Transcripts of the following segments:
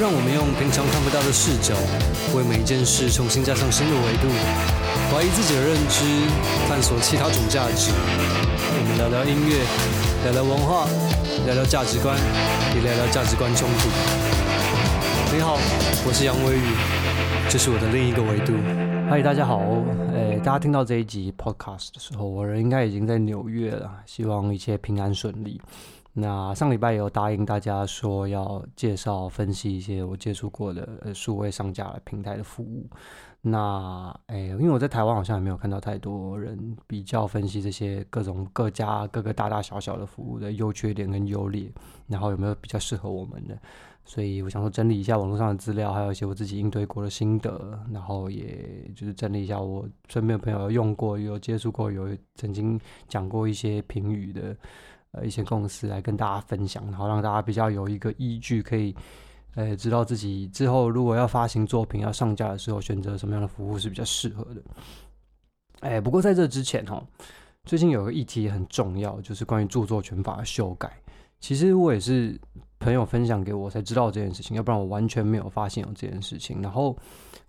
讓我們用平常看不到的視角，為每一件事重新加上新的維度，懷疑自己的認知，探索其他種價值。我們聊聊音樂，聊聊文化，聊聊價值觀，也聊聊價值觀衝突。你好，我是楊威宇，這、就是我的另一個維度。嗨，大家好，誒、呃，大家聽到這一集 Podcast 的時候，我人應該已經在紐約了，希望一切平安順利。那上禮拜也有答應大家說要介紹分析一些我接觸過的數位上架的平台的服務，那誒、哎，因為我在台灣好像也沒有看到太多人比較分析這些各種各家各個大大小小的服務的優缺點跟優劣，然後有沒有比較適合我們的，所以我想說整理一下網絡上的資料，還有一些我自己應對過的心得，然後也就是整理一下我身邊的朋友有用過、有接觸過、有曾經講過一些評語的。呃，一些公司來跟大家分享，然後讓大家比較有一個依據，可以呃知道自己之後如果要發行作品要上架的時候，選擇什麼樣的服務是比較適合的。哎、呃，不過在這之前哦，最近有個議題很重要，就是關於著作權法的修改。其實我也是朋友分享給我才知道這件事情，要不然我完全沒有發現有這件事情。然後。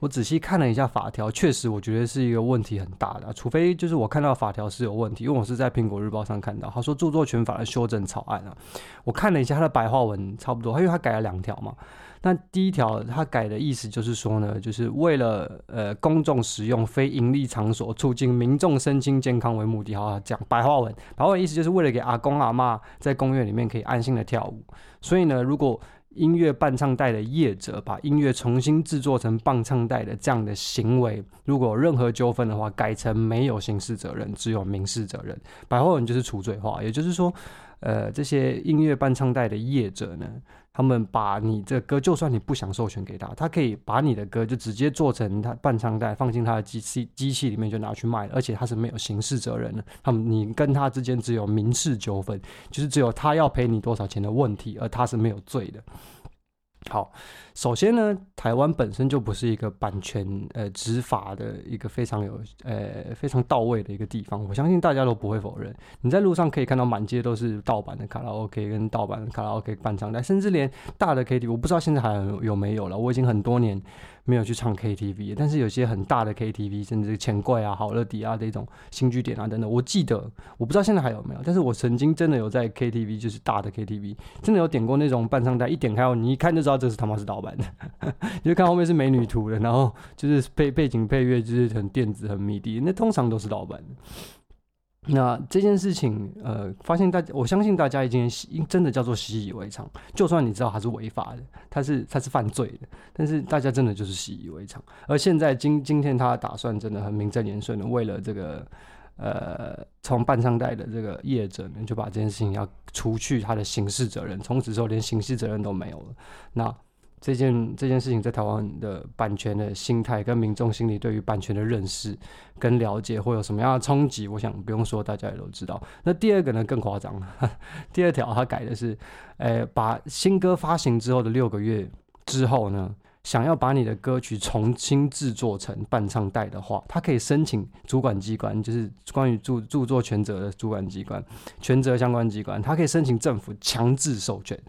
我仔細看了一下法條，確實我覺得是一個問題很大的啊。除非就是我看到法條是有問題，因為我是在蘋果日報上看到，他說著作權法的修正草案啊，我看了一下他的白話文，差不多。因為他改了兩條嘛，但第一條他改的意思就是說呢，就是為了呃公眾使用非營利場所，促進民眾身心健康為目的。好好講白話文，白話文意思就是為了給阿公阿嬤在公園裡面可以安心的跳舞，所以呢，如果音樂伴唱帶的業者把音樂重新制作成伴唱帶的這樣的行為，如果任何糾紛的話，改成沒有刑事責任，只有民事責任。白話文就是除罪化，也就是說，呃，這些音樂伴唱帶的業者呢。他們把你這歌，就算你不想授權給他，他可以把你的歌就直接做成他伴唱帶，放進他的機器機器裡面就拿去賣，而且他是沒有刑事責任的。他們你跟他之間只有民事糾紛，就是只有他要賠你多少錢的問題，而他是沒有罪的。好，首先呢，台灣本身就不是一個版權呃執法的一個非常有呃非常到位的一個地方，我相信大家都不會否認。你在路上可以看到滿街都是盜版的卡拉 OK 跟盜版的卡拉 OK 伴唱帶。但甚至連大的 KTV，我不知道現在還有沒有了，我已經很多年沒有去唱 KTV，但是有些很大的 KTV，甚至錢櫃啊、好樂迪啊這種星聚點啊等等，我記得我不知道現在還有沒有，但是我曾經真的有在 KTV，就是大的 KTV，真的有點過那種伴唱帶，一點開後，你一看就知道這是他媽是盜版的， 你就看後面是美女圖的，然後就是背背景配樂就是很電子、很 MIDI，那通常都是盜版那這件事情，呃，發現大家，我相信大家已經習，真的叫做習以為常。就算你知道他是違法的，他是他是犯罪的，但是大家真的就是習以為常。而現在今今天他打算真的很名正言順的，為了這個，呃，從半商代的這個業者呢，就把這件事情要除去他的刑事責任，從此之後連刑事責任都沒有了。那。這件這件事情在台灣的版權的心態跟民眾心理對於版權的認識跟了解會有什麼樣的衝擊？我想不用說，大家也都知道。那第二個呢，更誇張，第二條它改的是，呃，把新歌發行之後的六個月之後呢，想要把你的歌曲重新制作成伴唱帶的話，它可以申請主管機關，就是關於著著作權責的主管機關、權責相關機關，它可以申請政府強制授權。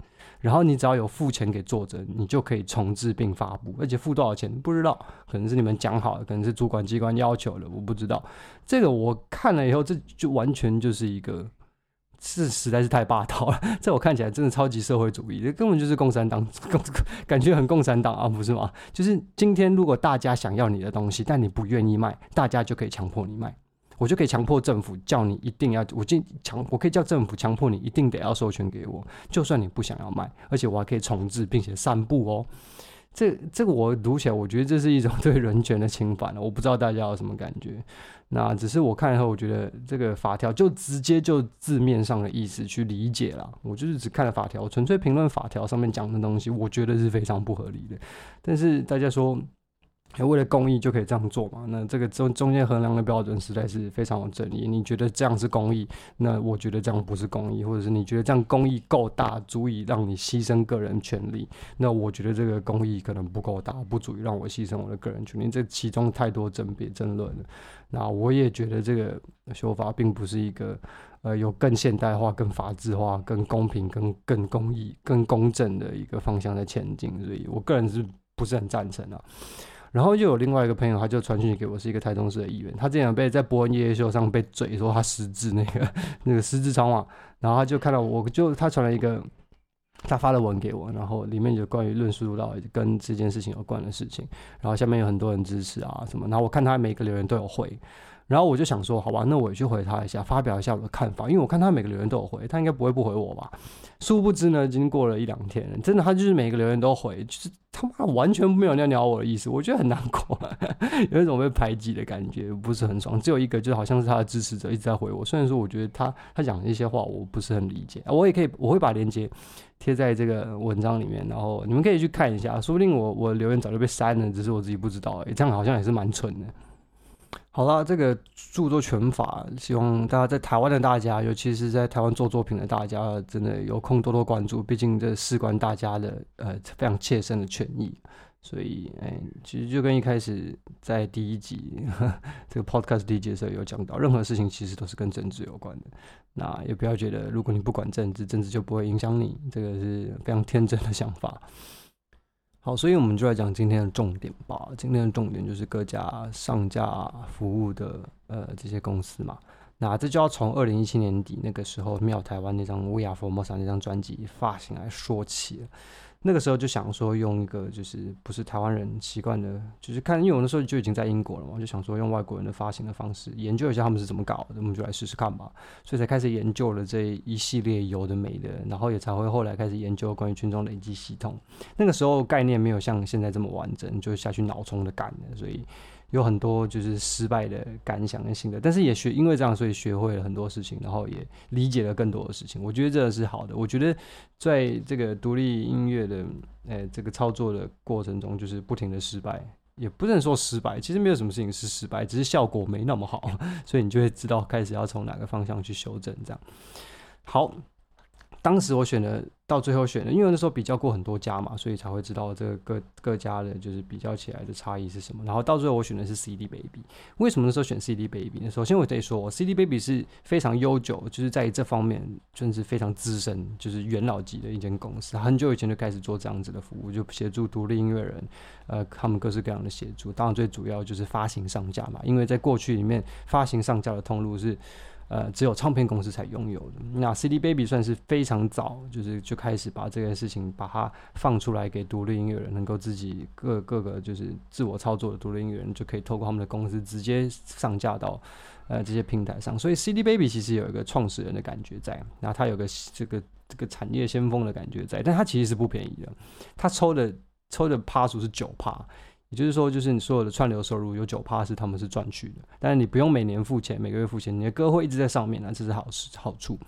然後你只要有付錢給作者，你就可以重製並發布，而且付多少錢不知道，可能是你們講好的，可能是主管機關要求的，我不知道。這個我看了以後，這就完全就是一個是實在是太霸道了，在我看起來真的超級社會主義，這根本就是共產黨，感覺很共產黨啊，不是嗎？就是今天如果大家想要你的東西，但你不願意賣，大家就可以強迫你賣。我就可以強迫政府叫你一定要，我就強我可以叫政府強迫你一定得要授權給我，就算你不想要賣，而且我還可以重置並且散布哦。這這個我讀起來，我覺得這是一種對人權的侵犯了。我不知道大家有什麼感覺。那只是我看了以後，我覺得這個法條就直接就字面上的意思去理解了。我就是只看了法條，純粹評論法條上面講的東西，我覺得是非常不合理的。但是大家說。為了公益就可以這樣做嘛？那這個中中間衡量的標準實在是非常有爭議。你覺得這樣是公益，那我覺得這樣不是公益，或者是你覺得這樣公益夠大，足以讓你犧牲個人權利？那我覺得這個公益可能不夠大，不足以讓我犧牲我的個人權利。這其中太多爭辯爭論了。那我也覺得這個修法並不是一個呃有更現代化、更法治化、更公平、更更公益、更公正的一個方向在前進，所以我個人是不是，不是很贊成啊？然後又有另外一個朋友，他就傳訊給我，是一個台中市的議員。他之前被在博恩夜夜秀上被嘴說他失智，那個，那個那個失智倉網，然後他就看到我就，就他傳了一個他發的文給我，然後裡面有關於論述到跟這件事情有關的事情。然後下面有很多人支持啊什麼。然後我看他每個留言都有回。然後我就想說，好吧，那我也去回他一下，發表一下我的看法，因為我看他每個留言都有回，他應該不會不回我吧？殊不知呢，已經過了一兩天，真的，他就是每個留言都回，就是他媽完全沒有要鳥我的意思，我覺得很難過， 有一種被排擠的感覺，不是很爽。只有一個，就好像是他的支持者一直在回我，雖然說我覺得他他講的一些話我不是很理解，我也可以我會把鏈接貼在這個文章裡面，然後你們可以去看一下，說不定我我留言早就被刪了，只是我自己不知道、欸，這樣好像也是蠻蠢的。好了，這個著作權法，希望大家在台灣的大家，尤其是在台灣做作品的大家，真的有空多多關注，畢竟這事關大家的呃非常切身的權益。所以，欸，其實就跟一開始在第一集呵這個 podcast 第一集的時候有講到，任何事情其實都是跟政治有關的。那也不要覺得如果你不管政治，政治就不會影響你，這個是非常天真的想法。好，所以我們就來講今天的重點吧。今天的重點就是各家上架服務的呃這些公司嘛。那這就要從二零一七年底那個時候，妙台灣那張《We Are Formosa》那張專輯發行來說起了。那個時候就想說用一個就是不是台灣人習慣的，就是看，因為我那時候就已經在英國了嘛，就想說用外國人的發行的方式研究一下他們是怎麼搞的。我們就來試試看吧，所以才開始研究了這一系列有的沒的，然後也才會後來開始研究關於群眾累積系統。那個時候概念沒有像現在這麼完整，就下去腦衝的感的，所以。有很多就是失敗的感想跟心得，但是也學因為這樣，所以學會了很多事情，然後也理解了更多的事情。我覺得這個是好的。我覺得在這個獨立音樂的誒、嗯欸、這個操作的過程中，就是不停的失敗，也不能說失敗，其實沒有什麼事情是失敗，只是效果沒那麼好， 所以你就會知道開始要從哪個方向去修正。這樣好。當時我選的，到最後選的，因為那時候比較過很多家嘛，所以才會知道這個各各家的，就是比較起來的差異是什麼。然後到最後我選的是 CD Baby，為什麼那時候選 CD Baby 呢？首先我得說我，CD Baby 是非常悠久，就是在這方面真的、就是、非常資深，就是元老級的一間公司。很久以前就開始做這樣子的服務，就協助獨立音樂人，呃，他們各式各樣的協助。當然最主要就是發行上架嘛，因為在過去裡面發行上架的通路是。呃，只有唱片公司才擁有的。那 CD Baby 算是非常早，就是就開始把這個事情把它放出來給，給獨立音樂人能夠自己各各個就是自我操作的獨立音樂人，就可以透過他們的公司直接上架到呃這些平台上。所以 CD Baby 其實有一個創始人的感覺在，然後他有一個這個這個產業先鋒的感覺在，但他其實是不便宜的。他抽的抽的趴數是九趴。也就是說，就是你所有的串流收入有九趴是他們是賺取的，但是你不用每年付錢，每個月付錢，你的歌會一直在上面那、啊、這是好事好處。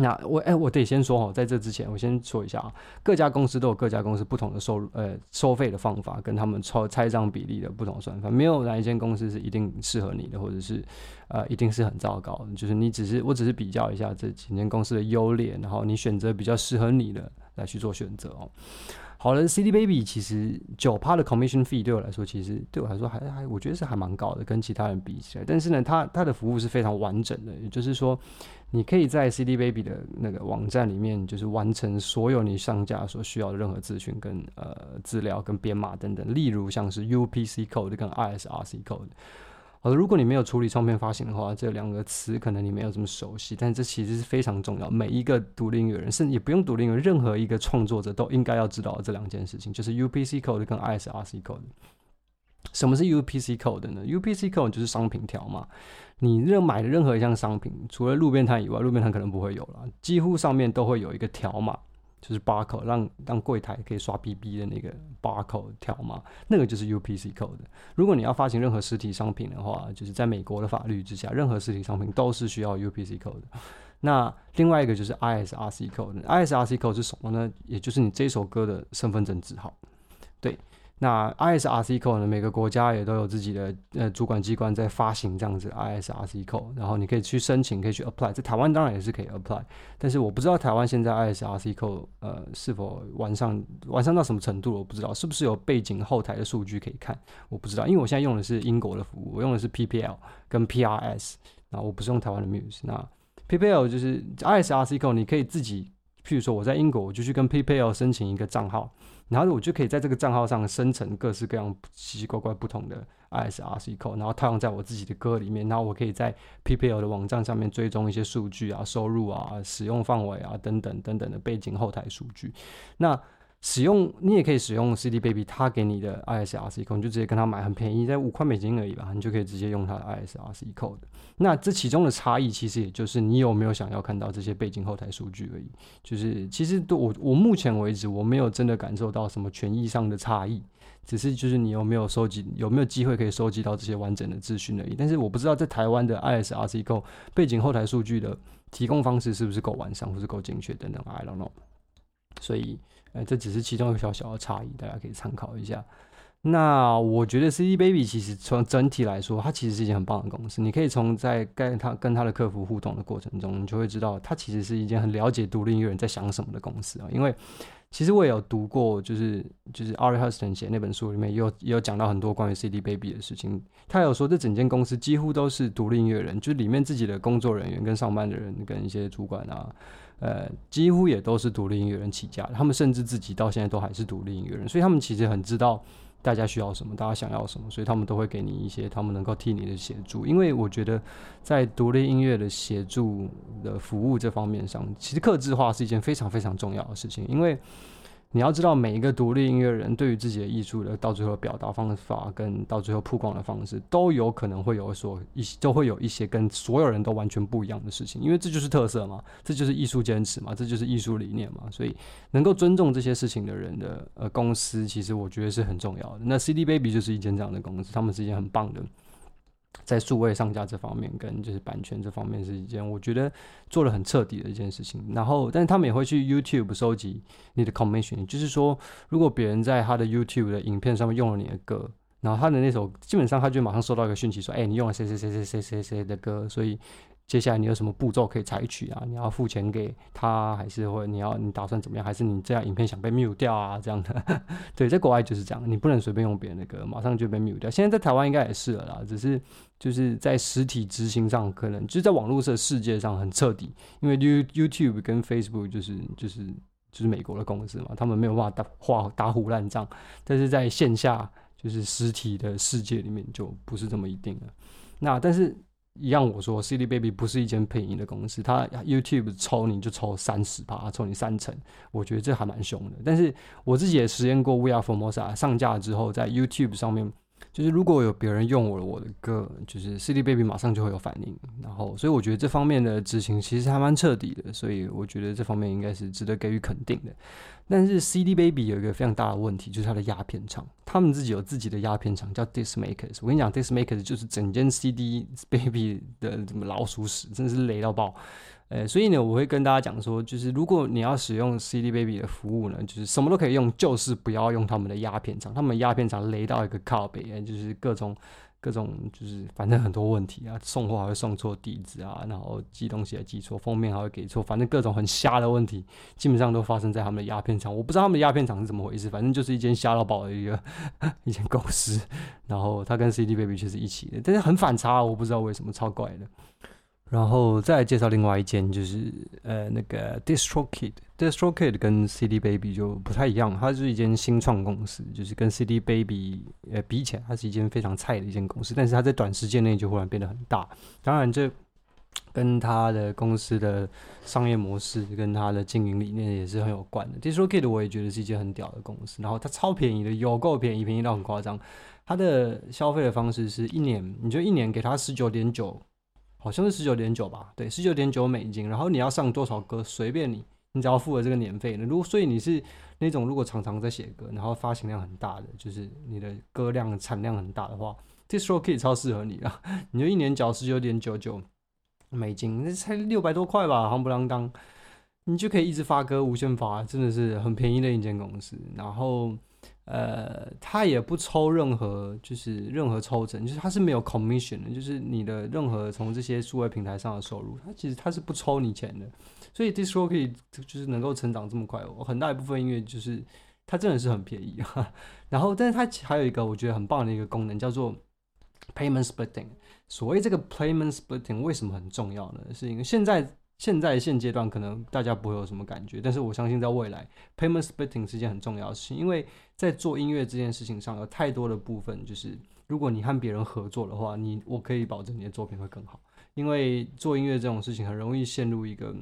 那我誒、欸，我得先說哈，在這之前，我先說一下啊，各家公司都有各家公司不同的收入呃收費的方法，跟他們超拆賬比例的不同的算法，沒有哪一間公司是一定適合你的，或者是呃一定是很糟糕的。就是你只是我只是比較一下這幾間公司的優劣，然後你選擇比較適合你的來去做選擇哦。好了，CD Baby 其實九趴的 commission fee 對我來說，其實對我來說還還，我覺得是還蠻高的，跟其他人比起來。但是呢，它它的服務是非常完整的，也就是說，你可以在 CD Baby 的那個網站裡面，就是完成所有你上架所需要的任何資訊跟呃資料跟編碼等等，例如像是 UPC code 跟 ISRC code。好的，如果你沒有處理唱片發行的話，這兩個詞可能你沒有這麼熟悉，但這其實是非常重要。每一個獨立音樂人，甚至也不用獨立音樂，任何一個創作者都應該要知道這兩件事情，就是 UPC code 跟 ISRC code。什麼是 UPC code 呢？UPC code 就是商品條碼。你任買的任何一項商品，除了路邊攤以外，路邊攤可能不會有了，幾乎上面都會有一個條碼。就是 bar code，讓讓櫃檯可以刷 B B 的那個 bar code 條碼，那個就是 UPC code。如果你要發行任何實體商品的話，就是在美國的法律之下，任何實體商品都是需要 UPC code 的。那另外一個就是 ISRC code， ISRC code 是什麼呢？也就是你這首歌的身份證字號，對。那 ISRC code 呢，每個國家也都有自己的呃主管機關在發行這樣子 ISRC code，然後你可以去申請，可以去 apply。在台灣當然也是可以 apply，但是我不知道台灣現在 ISRC code 呃是否完善，完善到什麼程度，我不知道是不是有背景後台的數據可以看，我不知道，因為我現在用的是英國的服務，我用的是 PPL 跟 PRS，然後我不是用台灣的 Muse。那 PPL 就是 ISRC code，你可以自己，譬如說我在英國，我就去跟 PPL 申請一個賬號。然後我就可以在這個賬號上生成各式各樣奇奇怪怪不同的 ISRC code，然後套用在我自己的歌裡面。然後我可以在 PPL 的網站上面追蹤一些數據啊、收入啊、使用範圍啊等等等等的背景後台數據。那使用你也可以使用 CD Baby，他給你的 ISRC code，你就直接跟他買，很便宜，在五塊美金而已吧。你就可以直接用他的 ISRC code。那這其中的差異，其實也就是你有沒有想要看到這些背景後台數據而已。就是其實我我目前為止，我沒有真的感受到什麼權益上的差異，只是就是你有沒有收集，有沒有機會可以收集到這些完整的資訊而已。但是我不知道在台灣的 ISRC code 背景後台數據的提供方式是不是夠完善，或是夠精確等等，I don't know。所以。哎，這只是其中一個小小的差異，大家可以參考一下。那我覺得 CD Baby 其實從整體來說，它其實是一件很棒的公司。你可以從在跟它跟它的客服互動的過程中，你就會知道它其實是一間很了解獨立音樂人在想什麼的公司啊。因為其實我也有讀過，就是，就是就是 Ari Houston 寫那本書裡面也有也有講到很多關於 CD Baby 的事情。他有說，這整間公司幾乎都是獨立音樂人，就是裡面自己的工作人員跟上班的人跟一些主管啊。呃，幾乎也都是獨立音樂人起家的，他們甚至自己到現在都還是獨立音樂人，所以他們其實很知道大家需要什麼，大家想要什麼，所以他們都會給你一些他們能夠替你的協助。因為我覺得，在獨立音樂的協助的服務這方面上，其實客製化是一件非常非常重要的事情，因為。你要知道，每一個獨立音樂人對於自己的藝術的到最後表達方法，跟到最後曝光的方式，都有可能會有所一，都會有一些跟所有人都完全不一樣的事情，因為這就是特色嘛，這就是藝術堅持嘛，這就是藝術理念嘛，所以能夠尊重這些事情的人的呃公司，其實我覺得是很重要的。那 CD Baby 就是一間這樣的公司，他們是一間很棒的。在數位上架這方面，跟就是版權這方面是一件我覺得做得很徹底的一件事情。然後，但是他們也會去 YouTube 收集你的 commission，就是說，如果別人在他的 YouTube 的影片上面用了你的歌，然後他的那首基本上他就馬上收到一個訊息說，哎、欸，你用了誰誰誰誰誰誰的歌，所以。接下來你有什麼步驟可以採取啊？你要付錢給他，還是或者你要你打算怎麼樣？還是你這樣影片想被 mute 掉啊？這樣的， 對，在國外就是這樣，你不能隨便用別人的歌，馬上就被 mute 掉。現在在台灣應該也是了啦，只是就是在實體執行上，可能就是在網絡社世界上很徹底，因為 you, YouTube 跟 Facebook 就是就是就是美國的公司嘛，他們沒有辦法打話打虎爛仗，但是在線下就是實體的世界裡面就不是這麼一定了。那但是。一樣，我說 CD Baby 不是一間配音的公司，它 YouTube 抽你就抽三十趴，抽你三成。我覺得這還蠻凶的。但是我自己也實驗過 We Are Formosa 上架了之後，在 YouTube 上面。就是如果有別人用我了我的歌，就是 CD Baby 馬上就會有反應，然後所以我覺得這方面的執行其實還蠻徹底的，所以我覺得這方面應該是值得給予肯定的。但是 CD Baby 有一個非常大的問題，就是它的壓片廠，他們自己有自己的壓片廠叫 Disc Makers。我跟你講，Disc Makers 就是整間 CD Baby 的什麼老鼠屎，真的是雷到爆。呃，所以呢，我會跟大家講說，就是如果你要使用 CD Baby 的服務呢，就是什麼都可以用，就是不要用他們的壓片廠。他們壓片廠雷到一個靠北，就是各種、各種，就是反正很多問題啊，送貨還會送錯地址啊，然後寄東西還寄錯封面還會給錯，反正各種很瞎的問題，基本上都發生在他們的壓片廠。我不知道他們壓片廠是怎麼回事，反正就是一間瞎到爆的一個 一間公司，然後他跟 CD Baby 卻是一起的，但是很反差，我不知道為什麼，超怪的。然後再來介紹另外一間，就是呃那個 DistroKid，DistroKid 跟 CD Baby 就不太一樣，它是一間新創公司，就是跟 CD Baby 呃比起來，它是一間非常菜的一間公司，但是它在短時間內就忽然變得很大。當然，這跟他的公司的商業模式跟他的經營理念也是很有關的。DistroKid 我也覺得是一間很屌的公司，然後它超便宜的，有夠便宜，便宜到很誇張。它的消費的方式是一年，你就一年給它十九點九。好像是十九點九吧，對，十九點九美金。然後你要上多少歌，隨便你，你只要付了這個年費。如果所以你是那種如果常常在寫歌，然後發行量很大的，就是你的歌量產量很大的話，DistroKid 可以超適合你啊。你就一年繳十九點九九美金，那才六百多塊吧，夯不啷當，當，你就可以一直發歌，無限發，真的是很便宜的一間公司。然後。呃，它也不抽任何，就是任何抽成，就是它是沒有 commission 的，就是你的任何從這些數位平台上的收入，它其實它是不抽你錢的。所以 DistroKid 可以就是能夠成長這麼快，很大一部分因為就是它真的是很便宜。 然後，但是它還有一個我覺得很棒的一個功能叫做 payment splitting。所謂這個 payment splitting 為什麼很重要呢？是因為現在現在現階段可能大家不會有什麼感覺，但是我相信在未來，payment splitting 是一件很重要的事情，因為在做音樂這件事情上有太多的部分，就是如果你和別人合作的話，你我可以保證你的作品會更好，因為做音樂這種事情很容易陷入一個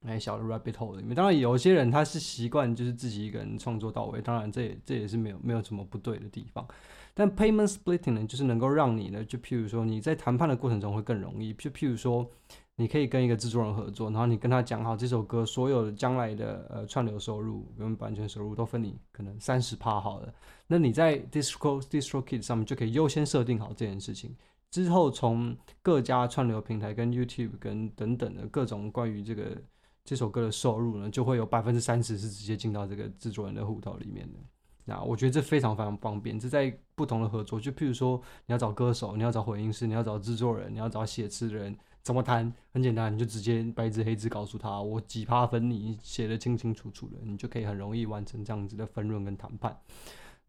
那小的 rabbit hole 裡面。當然，有些人他是習慣就是自己一個人創作到位，當然這也這也是沒有沒有什麼不對的地方，但 payment splitting 呢，就是能夠讓你呢，就譬如說你在談判的過程中會更容易，就譬如說。你可以跟一個製作人合作，然後你跟他講好這首歌所有的將來的呃串流收入跟版權收入都分你可能三十趴好了。那你在 Disco、DistroKid 上面就可以優先設定好這件事情。之後從各家串流平台、跟 YouTube、跟等等的各種關於這個這首歌的收入呢，就會有百分之三十是直接進到這個製作人的戶頭裡面的。那我覺得這非常非常方便。這在不同的合作，就譬如說你要找歌手，你要找混音師，你要找製作人，你要找寫詞人。怎麼談？很簡單，你就直接白紙黑字告訴他，我幾趴分你，寫得清清楚楚的，你就可以很容易完成這樣子的分潤跟談判。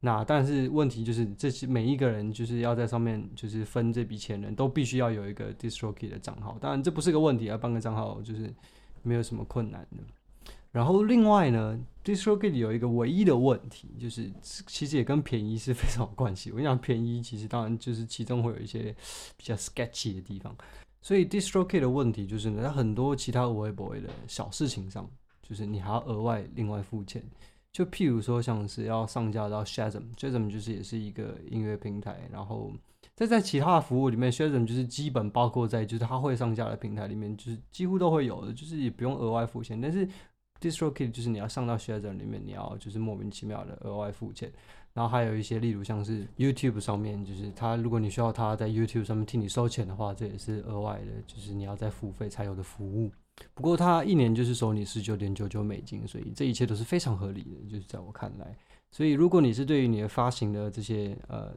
那但是問題就是，這些每一個人就是要在上面就是分這筆錢人，人都必須要有一個 DistroKid 的賬號。當然這不是個問題，要辦個賬號就是沒有什麼困難的。然後另外呢 ，DistroKid 裡有一個唯一的問題，就是其實也跟便宜是非常有關係。我跟你講便宜，其實當然就是其中會有一些比較 sketchy 的地方。所以 DistroKid 的問題就是呢，在很多其他 w e b 會的小事情上，就是你還要額外另外付錢。就譬如說，像是要上架到 Shazam，Shazam Shazam 就是也是一個音樂平台，然後再在其他的服務裡面，Shazam 就是基本包括在就是它會上架的平台裡面，就是幾乎都會有的，就是也不用額外付錢，但是。DistroKid 就是你要上到學者裡面，你要就是莫名其妙的額外付錢，然後還有一些例如像是 YouTube 上面，就是他如果你需要他在 YouTube 上面替你收錢的話，這也是額外的，就是你要再付費才有的服務。不過他一年就是收你十九點九九美金，所以這一切都是非常合理的，就是在我看來。所以如果你是對於你的發行的這些呃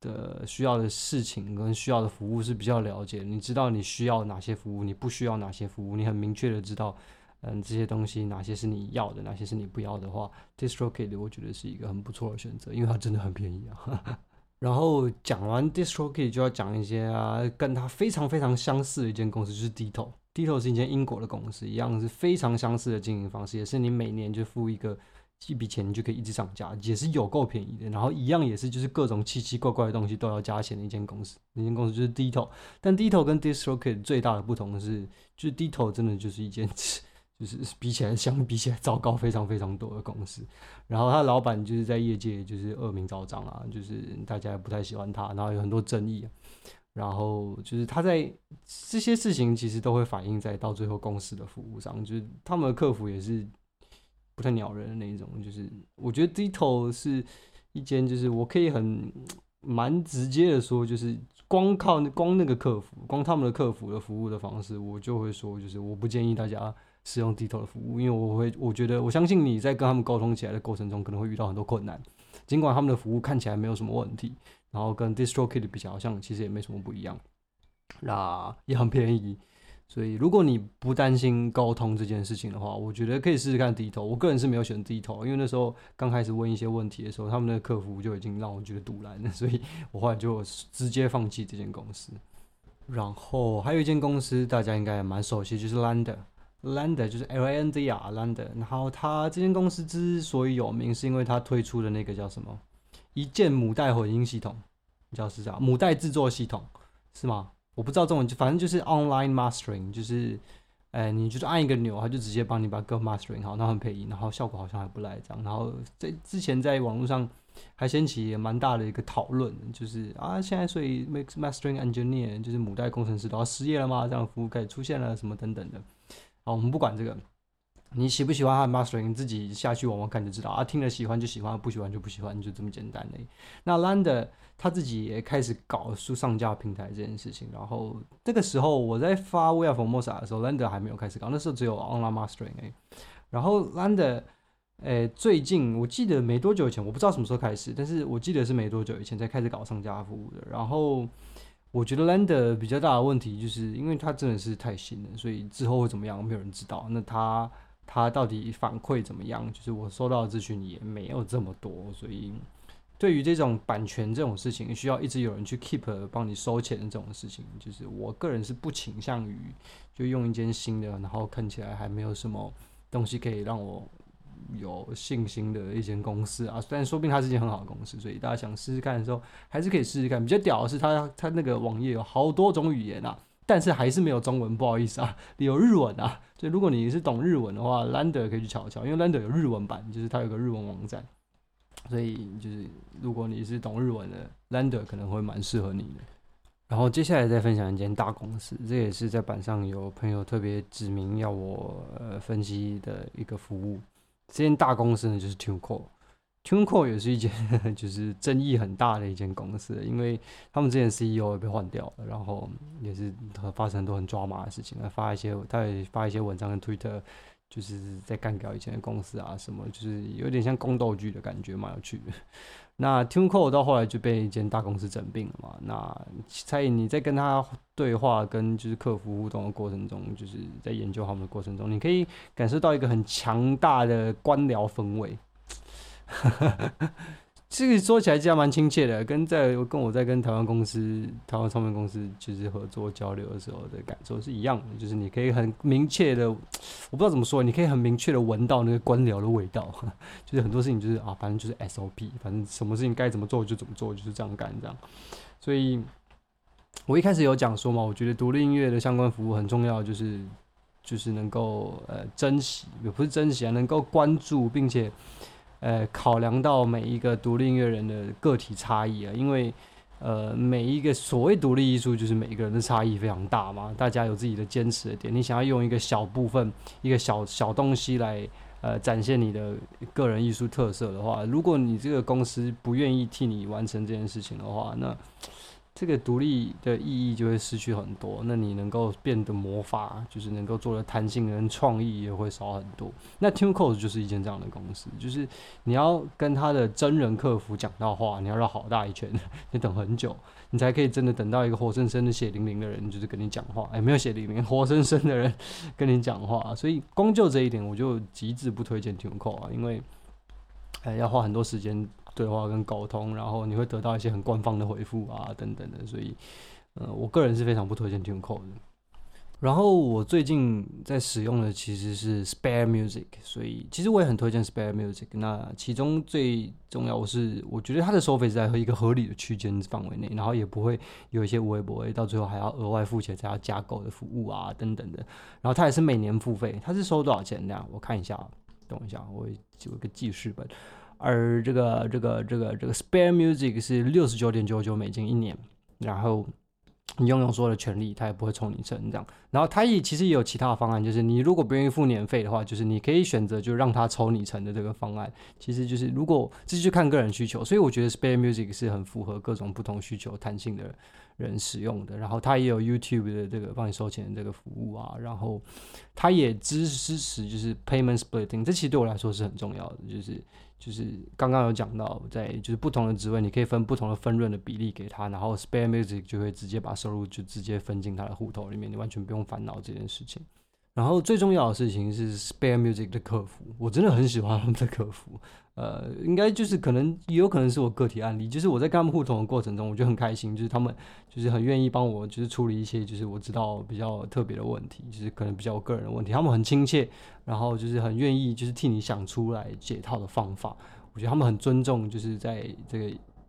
的需要的事情跟需要的服務是比較了解，你知道你需要哪些服務，你不需要哪些服務，你很明確的知道。嗯，這些東西哪些是你要的，哪些是你不要的話，DistroKid 我覺得是一個很不錯的選擇，因為它真的很便宜啊。 然後講完 DistroKid 就要講一些啊，跟它非常非常相似的一間公司就是 Ditto，Ditto 是一間英國的公司，一樣是非常相似的經營方式，也是你每年就付一個一筆錢，你就可以一直上架，也是有夠便宜的。然後一樣也是就是各種奇奇怪怪的東西都要加錢的一間公司，那間公司就是 Ditto。但 Ditto 跟 DistroKid 最大的不同是，就是 Ditto 真的就是一間。就是比起來，相比起來糟糕非常非常多的公司，然後他的老闆就是在業界就是惡名昭彰啊，就是大家也不太喜歡他，然後有很多爭議。然後就是他在這些事情其實都會反映在到最後公司的服務上，就是他們的客服也是不太鳥人的那一種。就是我覺得 Ditto 是一間就是我可以很蠻直接的說，就是光靠光那個客服，光他們的客服的服務的方式，我就會說就是我不建議大家。使用 Ditto 的服務，因為我會，我覺得，我相信你在跟他們溝通起來的過程中，可能會遇到很多困難。儘管他們的服務看起來沒有什麼問題，然後跟 DistroKid 比較好，好像其實也沒什麼不一樣，那也很便宜。所以，如果你不擔心溝通這件事情的話，我覺得可以試試看 Ditto。我個人是沒有選 Ditto，因為那時候剛開始問一些問題的時候，他們的客服就已經讓我覺得堵爛了，所以我後來就直接放棄這間公司。然後還有一間公司，大家應該也蠻熟悉，就是 Lander。Lander 就是 L-A-N-D-R，Lander 然後他這間公司之所以有名，是因為他推出的那個叫什麼一鍵母帶混音系統，你知道是啥？母帶制作系統是嗎？我不知道這種，反正就是 Online Mastering，就是，哎，你就是按一個鈕，他就直接幫你把 g 歌 Mastering 好，然後很便宜，然後效果好像還不賴，這樣。然後在之前在網絡上還掀起蠻大的一個討論，就是啊，現在所以 Mix Mastering Engineer 就是母帶工程師都要失業了嗎？這樣的服務開始出現了什麼等等的。好，我們不管這個，你喜不喜歡它的 Mastering，你自己下去玩玩看就知道啊。聽了喜歡就喜歡，不喜歡就不喜歡，就這麼簡單的。那 Lander 他自己也開始搞書上架平台這件事情。然後這個時候我在發 We Are Formosa 的時候，Lander 還沒有開始搞，那時候只有 Online Mastering。然後 Lander，誒、欸，最近我記得沒多久以前，我不知道什麼時候開始，但是我記得是沒多久以前才開始搞上架服務的。然後。我覺得 Lander 比較大的問題就是，因為它真的是太新了，所以之後會怎麼樣，沒有人知道。那它它到底反饋怎麼樣？就是我收到的資訊也沒有這麼多，所以對於這種版權這種事情，需要一直有人去 keep 幫你收錢這種事情，就是我個人是不傾向於就用一件新的，然後看起來還沒有什麼東西可以讓我。有信心的一間公司啊，雖然說不定它是一間很好的公司，所以大家想試試看的時候，還是可以試試看。比較屌的是它，它它那個網頁有好多種語言啊，但是還是沒有中文，不好意思啊，有日文啊。所以如果你是懂日文的話，Lander 可以去瞧一瞧，因為 Lander 有日文版，就是它有個日文網站。所以就是如果你是懂日文的，Lander 可能會蠻適合你的。然後接下來再分享一間大公司，這也是在板上有朋友特別指名要我呃分析的一個服務。這間大公司呢，就是 TuneCore，TuneCore TuneCore 也是一間就是爭議很大的一間公司，因為他們之前 CEO 也被換掉了，然後也是發生很多很抓馬的事情，發一些他也發一些文章跟推特，就是在幹掉以前的公司啊什麼，就是有點像宮鬥劇的感覺，蠻有趣的。那 TuneCore 到後來就被一間大公司整併了嘛。那蔡穎，你在跟他對話、跟就是客服互動的過程中，就是在研究他們的過程中，你可以感受到一個很強大的官僚氛圍。 這個說起來，這樣蠻親切的，跟在跟我在跟台灣公司、台灣唱片公司其實合作交流的時候的感受是一樣的。就是你可以很明確的，我不知道怎麼說，你可以很明確的聞到那個官僚的味道。就是很多事情就是啊，反正就是 SOP，反正什麼事情該怎麼做就怎麼做，就是這樣幹這樣。所以我一開始有講說嘛，我覺得獨立音樂的相關服務很重要就是，就是就是能夠呃珍惜，也不是珍惜啊，能夠關注並且。呃，考量到每一個獨立音樂人的個體差異啊，因為，呃，每一個所謂獨立藝術，就是每一個人的差異非常大嘛，大家有自己的堅持的點。你想要用一個小部分、一個小小東西來，呃，展現你的個人藝術特色的話，如果你這個公司不願意替你完成這件事情的話，那。這個獨立的意義就會失去很多，那你能夠變得魔法，就是能夠做的彈性跟創意也會少很多。那 TuneCore 就是一間這樣的公司，就是你要跟他的真人客服講到話，你要繞好大一圈，你等很久，你才可以真的等到一個活生生的血淋淋的人，就是跟你講話。哎，沒有血淋淋，活生生的人跟你講話，所以光就這一點，我就極致不推薦 TuneCore 啊，因為誒要花很多時間。對話跟溝通，然後你會得到一些很官方的回復啊，等等的。所以，呃，我個人是非常不推薦 TuneCore 的。然後我最近在使用的其實是 SpareMusic，所以其實我也很推薦 SpareMusic。那其中最重要，我是我覺得它的收費是在一個合理的區間範圍內，然後也不會有一些微薄，到最後還要額外付錢才要加購的服務啊，等等的。然後它也是每年付費，它是收多少錢？這樣我看一下啊，等一下，我有一個記事本。而這個這個這個這個 SpareMusic 是六十九點九九美金一年，然後你擁有所有的權利，他也不會抽你成這樣。然後他也其實也有其他方案，就是你如果不願意付年費的話，就是你可以選擇就讓他抽你成的這個方案。其實就是如果這就看個人需求，所以我覺得 SpareMusic 是很符合各種不同需求、彈性的人使用的。然後它也有 YouTube 的這個幫你收錢的這個服務啊，然後它也支支持就是 Payment Splitting，這其實對我來說是很重要的，就是。就是剛剛有講到，在就是不同的職位，你可以分不同的分潤的比例給他，然後 Spare Music 就會直接把收入就直接分進他的戶頭裡面，你完全不用煩惱這件事情。然後最重要的事情是 Spare Music 的客服，我真的很喜歡他們的客服。呃，應該就是可能也有可能是我個體案例，就是我在跟他們互動的過程中，我就很開心，就是他們就是很願意幫我，就是處理一些就是我知道比較特別的問題，就是可能比較我個人的問題。他們很親切，然後就是很願意就是替你想出來解套的方法。我覺得他們很尊重，就是在這個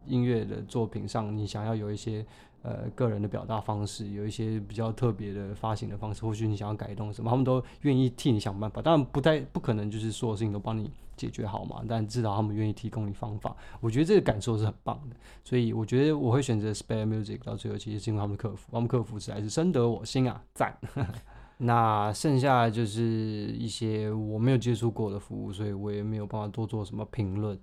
音樂的作品上，你想要有一些。呃，個人的表達方式，有一些比較特別的發行的方式，或許你想要改動什麼，他們都願意替你想辦法。當然，不太不可能，就是所有事情都幫你解決好嘛。但至少他們願意提供你方法，我覺得這個感受是很棒的。所以，我覺得我會選擇 Spare Music 到最後，其實是因為他們的客服，他們客服實在是深得我心啊，讚。 那剩下的就是一些我沒有接觸過的服務，所以我也沒有辦法多做什麼評論。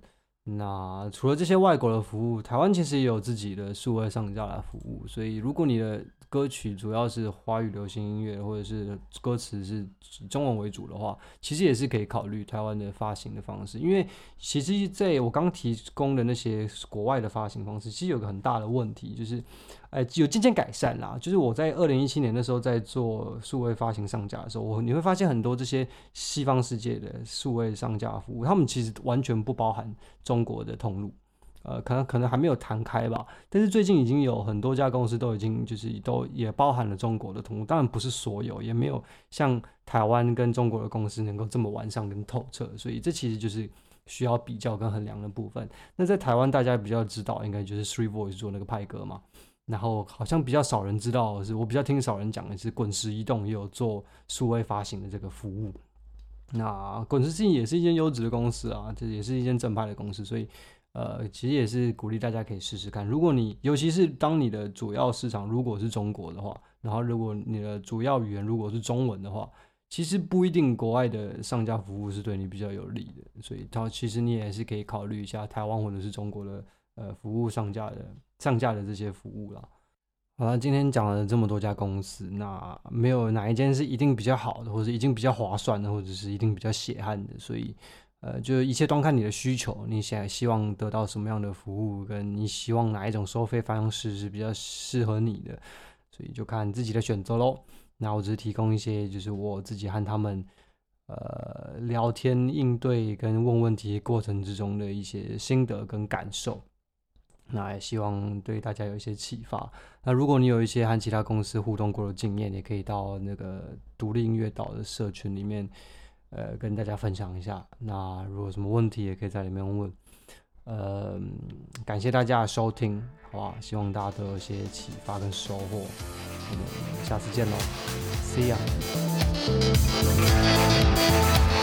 那除了這些外國的服務，台灣其實也有自己的數位上架來服務，所以如果你的。歌曲主要是華語流行音樂，或者是歌詞是中文為主的話，其實也是可以考慮台灣的發行的方式。因為其實在我剛提供的那些國外的發行方式，其實有個很大的問題，就是，哎，有漸漸改善啦。就是我在二零一七年的時候在做數位發行上架的時候，我你會發現很多這些西方世界的數位上架服務，他們其實完全不包含中國的通路。呃，可能可能還沒有談開吧，但是最近已經有很多家公司都已經就是都也包含了中國的同步，當然不是所有，也沒有像台灣跟中國的公司能夠這麼完善跟透徹，所以這其實就是需要比較跟衡量的部分。那在台灣大家比較知道，應該就是 StreetVoice 做那個派歌嘛，然後好像比較少人知道的是，是我比較聽少人講的是滾石移動也有做數位發行的這個服務。那滾石信也是一間優質的公司啊，這也是一間正派的公司，所以。呃，其實也是鼓勵大家可以試試看。如果你，尤其是當你的主要市場如果是中國的話，然後如果你的主要語言如果是中文的話，其實不一定國外的上架服務是對你比較有利的。所以，它其實你也是可以考慮一下台灣或者是中國的呃服務上架的上架的這些服務啦。好了，今天講了這麼多家公司，那沒有哪一間是一定比較好的，或者是一定比較划算的，或者是一定比較血汗的，所以。呃，就是一切都看你的需求，你想希望得到什麼樣的服務，跟你希望哪一種收費方式是比較適合你的，所以就看自己的選擇嘍。那我只是提供一些就是我自己和他們呃聊天、應對跟問問題過程之中的一些心得跟感受，那也希望對大家有一些啟發。那如果你有一些和其他公司互動過的經驗，也可以到那個獨立音樂島的社群裡面。呃，跟大家分享一下。那如果什麼問題，也可以在裡面問。呃，感謝大家的收聽，好吧？希望大家都有一些啟發跟收穫。我們下次見嘍，See you.